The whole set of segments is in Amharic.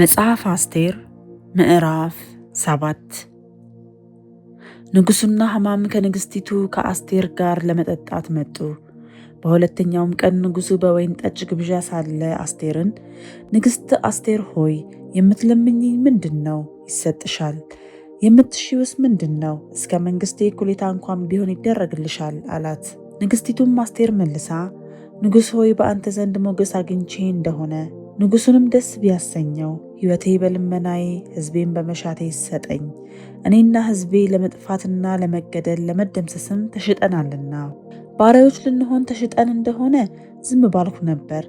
መጽሐፍ አስቴር ምዕራፍ ሰባት ንጉሡና ሐማም ከንግሥቲቱ ከአስቴር ጋር ለመጠጣት መጡ። በሁለተኛውም ቀን ንጉሡ በወይን ጠጅ ግብዣ ሳለ አስቴርን፣ ንግሥት አስቴር ሆይ የምትለምኝኝ ምንድን ነው? ይሰጥሻል። የምትሺውስ ምንድን ነው? እስከ መንግሥቴ እኩሌታ እንኳን ቢሆን ይደረግልሻል አላት። ንግሥቲቱም አስቴር መልሳ ንጉሥ ሆይ በአንተ ዘንድ ሞገስ አግኝቼ እንደሆነ ንጉሱንም ደስ ቢያሰኘው ሕይወቴ በልመናዬ ሕዝቤን በመሻቴ ይሰጠኝ። እኔና ሕዝቤ ለመጥፋትና ለመገደል ለመደምሰስም ተሽጠናልና ባሪያዎች ልንሆን ተሽጠን እንደሆነ ዝም ባልኩ ነበር።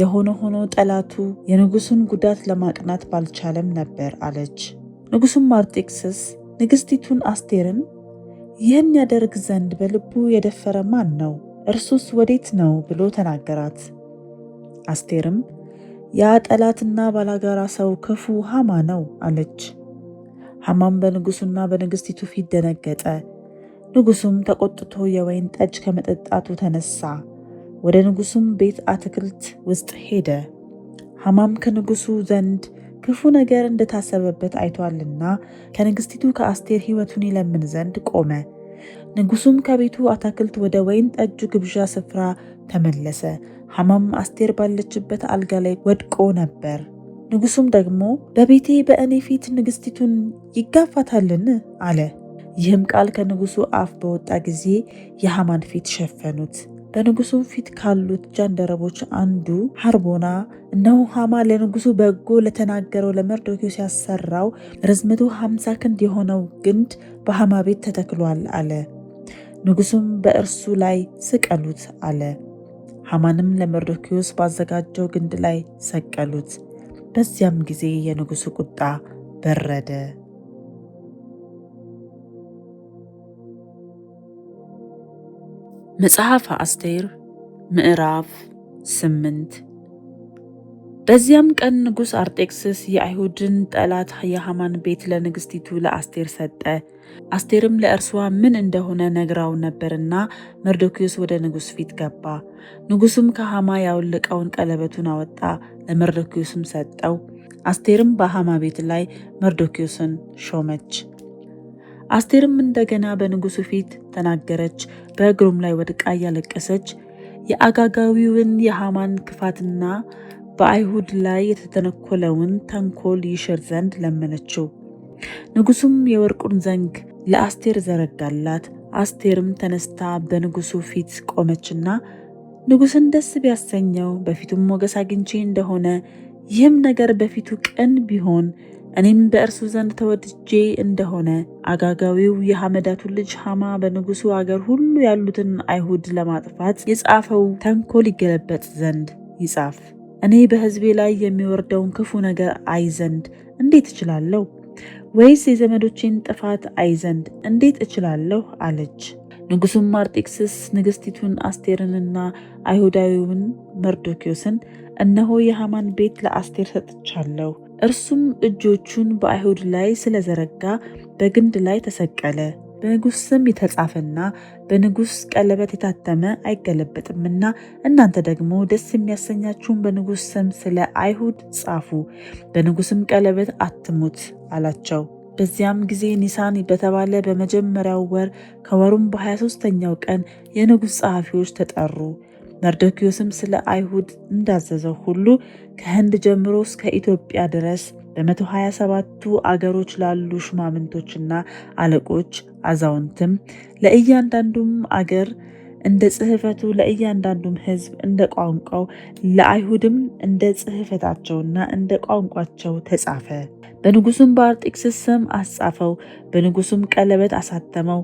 የሆነ ሆኖ ጠላቱ የንጉሱን ጉዳት ለማቅናት ባልቻለም ነበር አለች። ንጉሱም አርጤክስስ ንግሥቲቱን አስቴርን ይህን ያደርግ ዘንድ በልቡ የደፈረ ማን ነው? እርሱስ ወዴት ነው? ብሎ ተናገራት። አስቴርም ያ ጠላትና ባላጋራ ሰው ክፉ ሃማ ነው አለች። ሐማም በንጉሱና በንግስቲቱ ፊት ደነገጠ። ንጉሱም ተቆጥቶ የወይን ጠጅ ከመጠጣቱ ተነሳ። ወደ ንጉሱም ቤት አትክልት ውስጥ ሄደ። ሐማም ከንጉሱ ዘንድ ክፉ ነገር እንደታሰበበት አይቷልና ከንግስቲቱ ከአስቴር ሕይወቱን ይለምን ዘንድ ቆመ። ንጉሱም ከቤቱ አታክልት ወደ ወይን ጠጁ ግብዣ ስፍራ ተመለሰ። ሐማም አስቴር ባለችበት አልጋ ላይ ወድቆ ነበር። ንጉሱም ደግሞ በቤቴ በእኔ ፊት ንግስቲቱን ይጋፋታልን አለ። ይህም ቃል ከንጉሱ አፍ በወጣ ጊዜ የሐማን ፊት ሸፈኑት። በንጉሱም ፊት ካሉት ጃንደረቦች አንዱ ሐርቦና፣ እነሆ ሐማ ለንጉሱ በጎ ለተናገረው ለመርዶኪዎስ ያሰራው ርዝመቱ ሃምሳ ክንድ የሆነው ግንድ በሐማ ቤት ተተክሏል አለ። ንጉሱም በእርሱ ላይ ስቀሉት አለ። ሐማንም ለመርዶኪዎስ ባዘጋጀው ግንድ ላይ ሰቀሉት። በዚያም ጊዜ የንጉሡ ቁጣ በረደ። መጽሐፈ አስቴር ምዕራፍ ስምንት በዚያም ቀን ንጉሥ አርጤክስስ የአይሁድን ጠላት የሐማን ቤት ለንግሥቲቱ ለአስቴር ሰጠ። አስቴርም ለእርሷ ምን እንደሆነ ነግራው ነበርና መርዶኪዮስ ወደ ንጉሥ ፊት ገባ። ንጉሡም ከሐማ ያወለቀውን ቀለበቱን አወጣ፣ ለመርዶኪዮስም ሰጠው። አስቴርም በሐማ ቤት ላይ መርዶኪዎስን ሾመች። አስቴርም እንደገና በንጉሡ ፊት ተናገረች፣ በእግሩም ላይ ወድቃ እያለቀሰች የአጋጋዊውን የሐማን ክፋትና በአይሁድ ላይ የተተነኮለውን ተንኮል ይሽር ዘንድ ለመነችው። ንጉሱም የወርቁን ዘንግ ለአስቴር ዘረጋላት። አስቴርም ተነስታ በንጉሱ ፊት ቆመችና ንጉስን ደስ ቢያሰኘው በፊቱም ሞገስ አግኝቼ እንደሆነ ይህም ነገር በፊቱ ቅን ቢሆን እኔም በእርሱ ዘንድ ተወድጄ እንደሆነ አጋጋዊው የሐመዳቱ ልጅ ሐማ በንጉሱ አገር ሁሉ ያሉትን አይሁድ ለማጥፋት የጻፈው ተንኮል ይገለበጥ ዘንድ ይጻፍ። እኔ በሕዝቤ ላይ የሚወርደውን ክፉ ነገር አይ ዘንድ እንዴት እችላለሁ? ወይስ የዘመዶቼን ጥፋት አይ ዘንድ እንዴት እችላለሁ? አለች። ንጉሱም አርጤክስስ ንግስቲቱን አስቴርንና አይሁዳዊውን መርዶኪዮስን እነሆ የሃማን ቤት ለአስቴር ሰጥቻለሁ፣ እርሱም እጆቹን በአይሁድ ላይ ስለዘረጋ በግንድ ላይ ተሰቀለ በንጉሥ ስም የተጻፈና በንጉሥ ቀለበት የታተመ አይገለበጥምና እናንተ ደግሞ ደስ የሚያሰኛችሁን በንጉሥ ስም ስለ አይሁድ ጻፉ፣ በንጉሥም ቀለበት አትሙት አላቸው። በዚያም ጊዜ ኒሳን በተባለ በመጀመሪያው ወር ከወሩም በ23ኛው ቀን የንጉሥ ጸሐፊዎች ተጠሩ። መርዶኪዮስም ስለ አይሁድ እንዳዘዘው ሁሉ ከህንድ ጀምሮ እስከ ኢትዮጵያ ድረስ በ127ቱ አገሮች ላሉ ሹማምንቶችና አለቆች አዛውንትም ለእያንዳንዱም አገር እንደ ጽህፈቱ ለእያንዳንዱም ህዝብ እንደ ቋንቋው ለአይሁድም እንደ ጽህፈታቸውና እንደ ቋንቋቸው ተጻፈ። በንጉሱም በአርጤክስስ ስም አስጻፈው። በንጉሱም ቀለበት አሳተመው።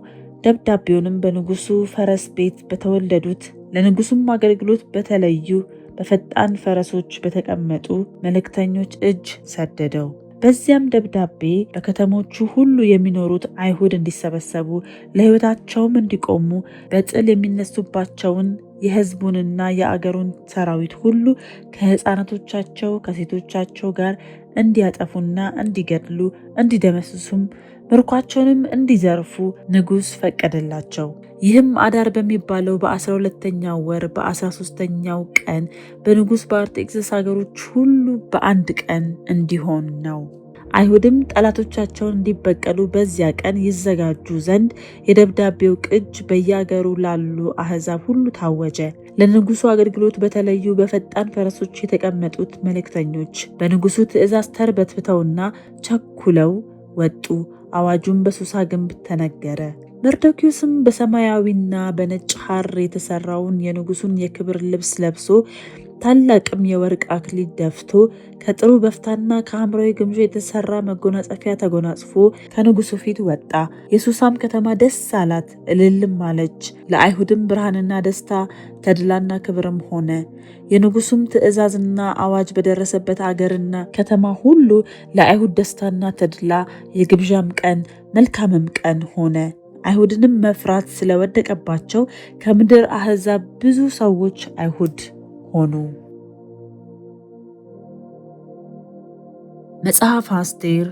ደብዳቤውንም በንጉሱ ፈረስ ቤት በተወለዱት ለንጉሱም አገልግሎት በተለዩ በፈጣን ፈረሶች በተቀመጡ መልእክተኞች እጅ ሰደደው። በዚያም ደብዳቤ በከተሞቹ ሁሉ የሚኖሩት አይሁድ እንዲሰበሰቡ ለሕይወታቸውም እንዲቆሙ በጥል የሚነሱባቸውን የሕዝቡንና የአገሩን ሰራዊት ሁሉ ከሕፃናቶቻቸው ከሴቶቻቸው ጋር እንዲያጠፉና እንዲገድሉ እንዲደመስሱም ምርኳቸውንም እንዲዘርፉ ንጉሥ ፈቀደላቸው። ይህም አዳር በሚባለው በአስራ ሁለተኛው ወር በአስራ ሶስተኛው ቀን በንጉሥ በአርጤክስስ ሀገሮች ሁሉ በአንድ ቀን እንዲሆን ነው። አይሁድም ጠላቶቻቸውን እንዲበቀሉ በዚያ ቀን ይዘጋጁ ዘንድ የደብዳቤው ቅጅ በየአገሩ ላሉ አህዛብ ሁሉ ታወጀ። ለንጉሱ አገልግሎት በተለዩ በፈጣን ፈረሶች የተቀመጡት መልእክተኞች በንጉሱ ትእዛዝ ተርበትብተውና ቸኩለው ወጡ። አዋጁን በሱሳ ግንብ ተነገረ። መርዶኪዮስም በሰማያዊና በነጭ ሐር የተሰራውን የንጉሱን የክብር ልብስ ለብሶ ታላቅም የወርቅ አክሊል ደፍቶ ከጥሩ በፍታና ከሐምራዊ ግምጃ የተሰራ መጎናጸፊያ ተጎናጽፎ ከንጉሱ ፊት ወጣ። የሱሳም ከተማ ደስ አላት፣ እልልም አለች። ለአይሁድም ብርሃንና ደስታ ተድላና ክብርም ሆነ። የንጉሱም ትእዛዝና አዋጅ በደረሰበት አገርና ከተማ ሁሉ ለአይሁድ ደስታና ተድላ የግብዣም ቀን መልካምም ቀን ሆነ። አይሁድንም መፍራት ስለወደቀባቸው ከምድር አህዛብ ብዙ ሰዎች አይሁድ ሆኑ። መጽሐፍ አስቴር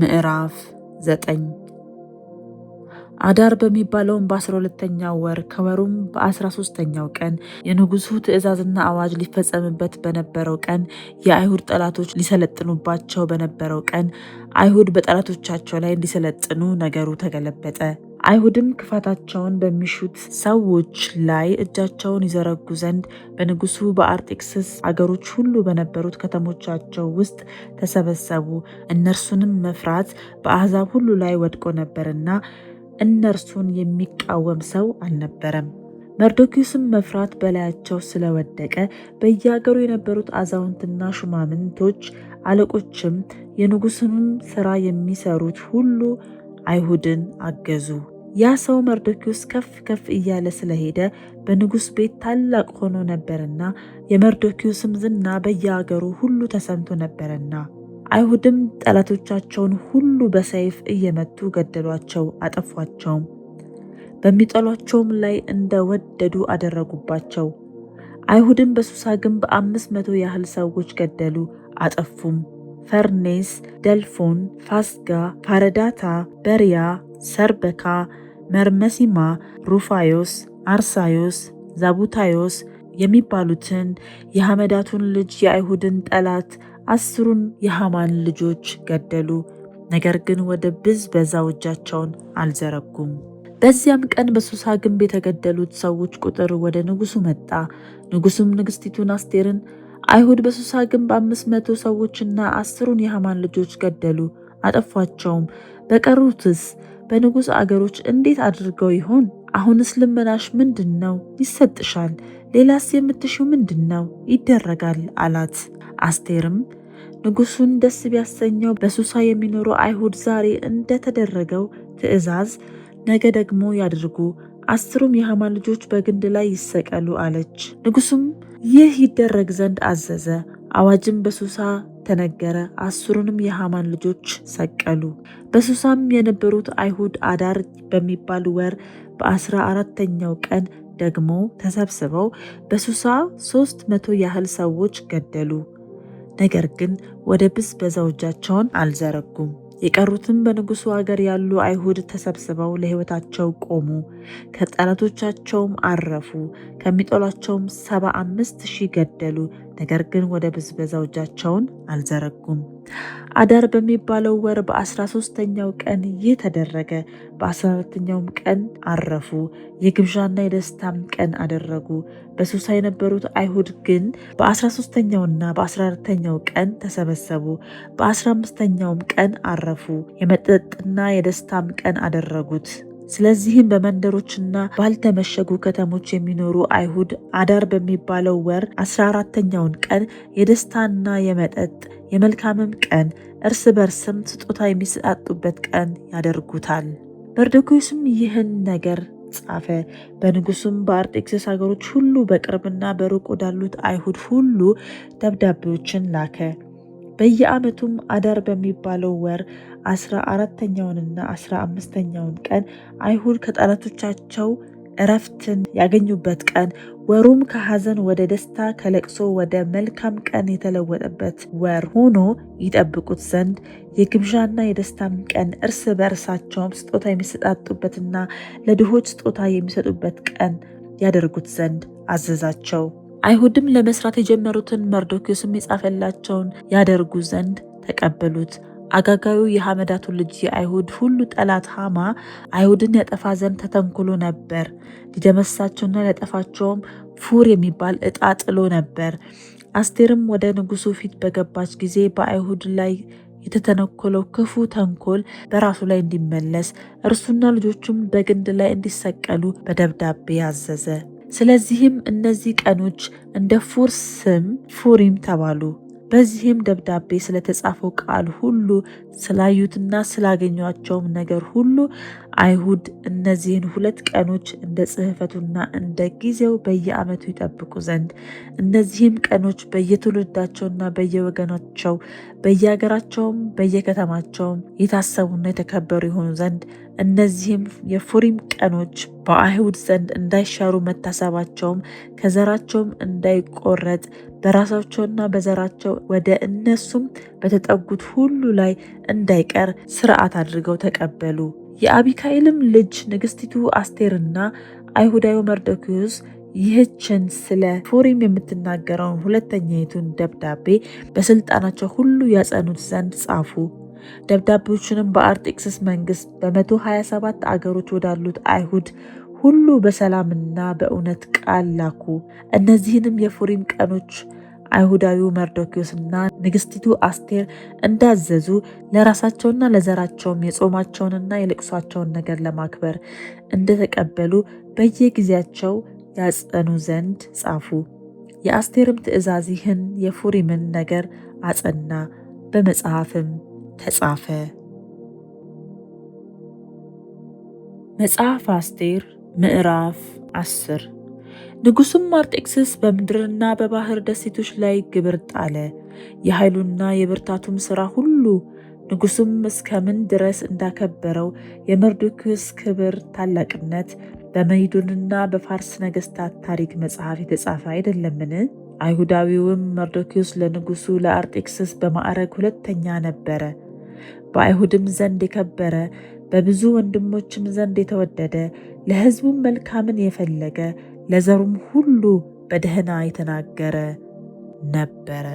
ምዕራፍ ዘጠኝ አዳር በሚባለውም በአስራ ሁለተኛው ወር ከወሩም በአስራ ሶስተኛው ቀን የንጉሱ ትእዛዝና አዋጅ ሊፈጸምበት በነበረው ቀን የአይሁድ ጠላቶች ሊሰለጥኑባቸው በነበረው ቀን አይሁድ በጠላቶቻቸው ላይ እንዲሰለጥኑ ነገሩ ተገለበጠ። አይሁድም ክፋታቸውን በሚሹት ሰዎች ላይ እጃቸውን ይዘረጉ ዘንድ በንጉሱ በአርጤክስስ አገሮች ሁሉ በነበሩት ከተሞቻቸው ውስጥ ተሰበሰቡ። እነርሱንም መፍራት በአሕዛብ ሁሉ ላይ ወድቆ ነበርና እነርሱን የሚቃወም ሰው አልነበረም። መርዶኪዎስም መፍራት በላያቸው ስለወደቀ በየአገሩ የነበሩት አዛውንትና ሹማምንቶች፣ አለቆችም የንጉስንም ስራ የሚሰሩት ሁሉ አይሁድን አገዙ። ያ ሰው መርዶኪዎስ ከፍ ከፍ እያለ ስለሄደ በንጉሥ ቤት ታላቅ ሆኖ ነበርና የመርዶኪዎስም ዝና በየአገሩ ሁሉ ተሰምቶ ነበርና አይሁድም ጠላቶቻቸውን ሁሉ በሰይፍ እየመቱ ገደሏቸው፣ አጠፏቸውም። በሚጠሏቸውም ላይ እንደ ወደዱ አደረጉባቸው። አይሁድም በሱሳ ግንብ አምስት መቶ ያህል ሰዎች ገደሉ፣ አጠፉም። ፈርኔስ፣ ደልፎን፣ ፋስጋ፣ ፋረዳታ፣ በሪያ ሰርበካ፣ መርመሲማ፣ ሩፋዮስ፣ አርሳዮስ፣ ዛቡታዮስ የሚባሉትን የሐመዳቱን ልጅ የአይሁድን ጠላት አስሩን የሐማን ልጆች ገደሉ። ነገር ግን ወደ ብዝበዛው እጃቸውን አልዘረጉም። በዚያም ቀን በሱሳ ግንብ የተገደሉት ሰዎች ቁጥር ወደ ንጉሱ መጣ። ንጉሱም ንግሥቲቱን አስቴርን አይሁድ በሱሳ ግንብ አምስት መቶ ሰዎችና አስሩን የሐማን ልጆች ገደሉ፣ አጠፏቸውም። በቀሩትስ በንጉሥ አገሮች እንዴት አድርገው ይሆን? አሁንስ ልመናሽ ምንድን ነው? ይሰጥሻል። ሌላስ የምትሽው ምንድን ነው? ይደረጋል አላት። አስቴርም ንጉሱን ደስ ቢያሰኘው በሱሳ የሚኖሩ አይሁድ ዛሬ እንደተደረገው ትእዛዝ ነገ ደግሞ ያድርጉ፣ አስሩም የሐማ ልጆች በግንድ ላይ ይሰቀሉ አለች። ንጉሱም ይህ ይደረግ ዘንድ አዘዘ። አዋጅም በሱሳ ተነገረ። አስሩንም የሃማን ልጆች ሰቀሉ። በሱሳም የነበሩት አይሁድ አዳር በሚባል ወር በአስራ አራተኛው ቀን ደግሞ ተሰብስበው በሱሳ ሶስት መቶ ያህል ሰዎች ገደሉ። ነገር ግን ወደ ብዝበዛው እጃቸውን አልዘረጉም። የቀሩትም በንጉሱ አገር ያሉ አይሁድ ተሰብስበው ለሕይወታቸው ቆሙ። ከጠላቶቻቸውም አረፉ። ከሚጠሏቸውም ሰባ አምስት ሺህ ገደሉ። ነገር ግን ወደ ብዝበዛው እጃቸውን አልዘረጉም። አዳር በሚባለው ወር በ13ተኛው ቀን ይህ ተደረገ። በ14ተኛውም ቀን አረፉ። የግብዣና የደስታም ቀን አደረጉ። በሱሳ የነበሩት አይሁድ ግን በ 13 ኛውና በ 14 ኛው ቀን ተሰበሰቡ። 15 ኛውም ቀን አረፉ። የመጠጥና የደስታም ቀን አደረጉት። ስለዚህም በመንደሮችና ባልተመሸጉ ከተሞች የሚኖሩ አይሁድ አዳር በሚባለው ወር አስራ አራተኛውን ቀን የደስታና የመጠጥ የመልካምም ቀን እርስ በርስም ስጦታ የሚሰጣጡበት ቀን ያደርጉታል። መርዶክዮስም ይህን ነገር ጻፈ። በንጉሱም በአርጤክስስ ሀገሮች ሁሉ በቅርብና በሩቅ ወዳሉት አይሁድ ሁሉ ደብዳቤዎችን ላከ። በየዓመቱም አዳር በሚባለው ወር አስራ አራተኛውንና አስራ አምስተኛውን ቀን አይሁድ ከጠላቶቻቸው እረፍትን ያገኙበት ቀን ወሩም ከሐዘን ወደ ደስታ ከለቅሶ ወደ መልካም ቀን የተለወጠበት ወር ሆኖ ይጠብቁት ዘንድ የግብዣና የደስታም ቀን እርስ በእርሳቸውም ስጦታ የሚሰጣጡበትና ለድሆች ስጦታ የሚሰጡበት ቀን ያደርጉት ዘንድ አዘዛቸው። አይሁድም ለመስራት የጀመሩትን መርዶክዮስም የጻፈላቸውን ያደርጉ ዘንድ ተቀበሉት። አጋጋዩ የሐመዳቱ ልጅ የአይሁድ ሁሉ ጠላት ሐማ አይሁድን ያጠፋ ዘንድ ተተንኩሎ ነበር። ሊደመሳቸውና ሊያጠፋቸውም ፉር የሚባል እጣ ጥሎ ነበር። አስቴርም ወደ ንጉሱ ፊት በገባች ጊዜ በአይሁድ ላይ የተተነኮለው ክፉ ተንኮል በራሱ ላይ እንዲመለስ እርሱና ልጆቹም በግንድ ላይ እንዲሰቀሉ በደብዳቤ አዘዘ። ስለዚህም እነዚህ ቀኖች እንደ ፉር ስም ፉሪም ተባሉ። በዚህም ደብዳቤ ስለተጻፈው ቃል ሁሉ ስላዩትና ስላገኟቸውም ነገር ሁሉ አይሁድ እነዚህን ሁለት ቀኖች እንደ ጽሕፈቱና እንደ ጊዜው በየዓመቱ ይጠብቁ ዘንድ እነዚህም ቀኖች በየትውልዳቸውና በየወገናቸው በየሀገራቸውም በየከተማቸውም የታሰቡና የተከበሩ የሆኑ ዘንድ እነዚህም የፉሪም ቀኖች በአይሁድ ዘንድ እንዳይሻሩ መታሰባቸውም ከዘራቸውም እንዳይቆረጥ በራሳቸውና በዘራቸው ወደ እነሱም በተጠጉት ሁሉ ላይ እንዳይቀር ስርዓት አድርገው ተቀበሉ። የአቢካኤልም ልጅ ንግስቲቱ አስቴርና አይሁዳዊ መርዶክዮስ ይህችን ስለ ፉሪም የምትናገረውን ሁለተኛይቱን ደብዳቤ በስልጣናቸው ሁሉ ያጸኑት ዘንድ ጻፉ። ደብዳቤዎቹንም በአርጤክስስ መንግስት በ127 አገሮች ወዳሉት አይሁድ ሁሉ በሰላምና በእውነት ቃል ላኩ። እነዚህንም የፉሪም ቀኖች አይሁዳዊው መርዶኪዎስና ንግስቲቱ አስቴር እንዳዘዙ ለራሳቸውና ለዘራቸውም የጾማቸውንና የልቅሷቸውን ነገር ለማክበር እንደተቀበሉ በየጊዜያቸው ያጸኑ ዘንድ ጻፉ። የአስቴርም ትእዛዝ ይህን የፉሪምን ነገር አጸና፣ በመጽሐፍም ተጻፈ። መጽሐፍ አስቴር ምዕራፍ 10 ንጉሱም አርጤክስስ በምድርና በባህር ደሴቶች ላይ ግብር ጣለ። የኃይሉና የብርታቱም ሥራ ሁሉ ንጉሱም እስከምን ድረስ እንዳከበረው የመርዶክዮስ ክብር ታላቅነት በመይዱንና በፋርስ ነገሥታት ታሪክ መጽሐፍ የተጻፈ አይደለምን? አይሁዳዊውም መርዶክዮስ ለንጉሡ ለአርጤክስስ በማዕረግ ሁለተኛ ነበረ። በአይሁድም ዘንድ የከበረ በብዙ ወንድሞችም ዘንድ የተወደደ ለሕዝቡም መልካምን የፈለገ ለዘሩም ሁሉ በደህና የተናገረ ነበረ።